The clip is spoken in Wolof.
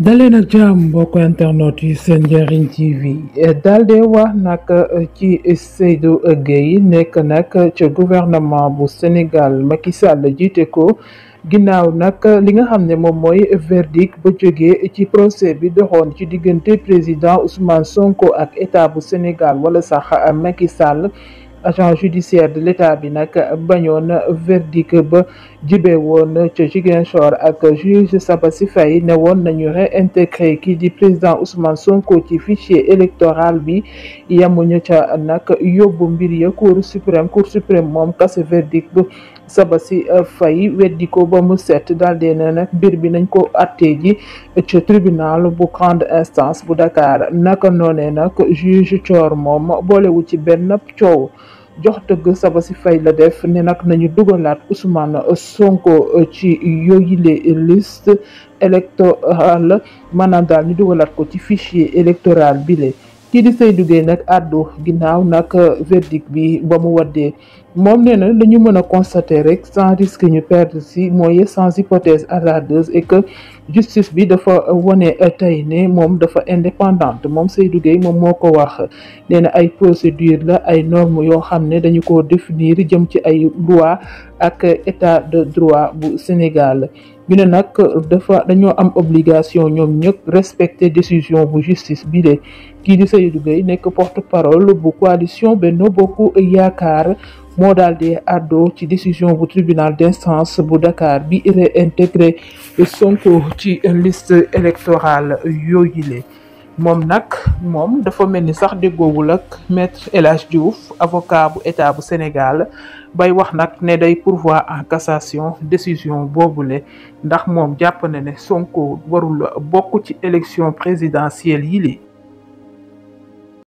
daleen na jàmm mbokk internet yi seen njëriñ tv dal de wax nag euh, ci Seydou Guèye nekk nag ca gouvernement bu Sénégal Macky Sall jiite ko ginnaaw nag li nga xam ne moom mooy verdict ba jóge ci procès bi doxoon ci diggante président Ousmane Sonko ak état bu Sénégal wala sax Macky Sall. agent judiciaire de l'état bi nak verdict ba jibee woon ca Ziguinchor ak juge Sabasi Faye ne won nañu réintégré qui di président Ousmane Sonko ci fichier électoral bi yamuñu ci nak yobbu mbir cour suprême cour suprême mom casse verdict bu Sabassy Faye weddi ko ba mu set Dal dee bi nañ ko ji tribunal bu grande instance bu Dakar nak noné nak juge mom bolé wu ci jox dëgg saba si fay la def ne nag nañu dugalaat Ousmane Sonko euh, ci yooyile liste électorale maanaam daal ñu dugalaat ko ci fichier électoral bile ki di Seydou Guèye nak addu ginnaw nak euh, verdict bi bamu wadé mom néna dañu mëna constater rek sans risque ñu perdre si moyen sans hypothèse hasardeuse et que justice bi dafa wane euh, tey ne moom dafa indépendante mom Seydou Guèye mom moko wax néna ay procédure la ay normes yo xamné dañu ko définir jëm ci ay loi ak euh, état de droit bu Sénégal ñu ne nag dafa dañoo am obligation ñoom ñëpp respecter décision bu justice bi de kii di Seydou Gueye nekk porte parole bu coalition benn Bokk Yaakaar moo daal di àddoo ci décision bu tribunal d'instance bu Dakar bi réintégré Sonko ci liste électorale yooyu mom nak mom dafa melni de de ak maître El Diouf avocat bu état bu Sénégal bay wax day pourvoi en cassation décision boobule ndax Mom jàpp Sonko warul de ci élection présidentielle yi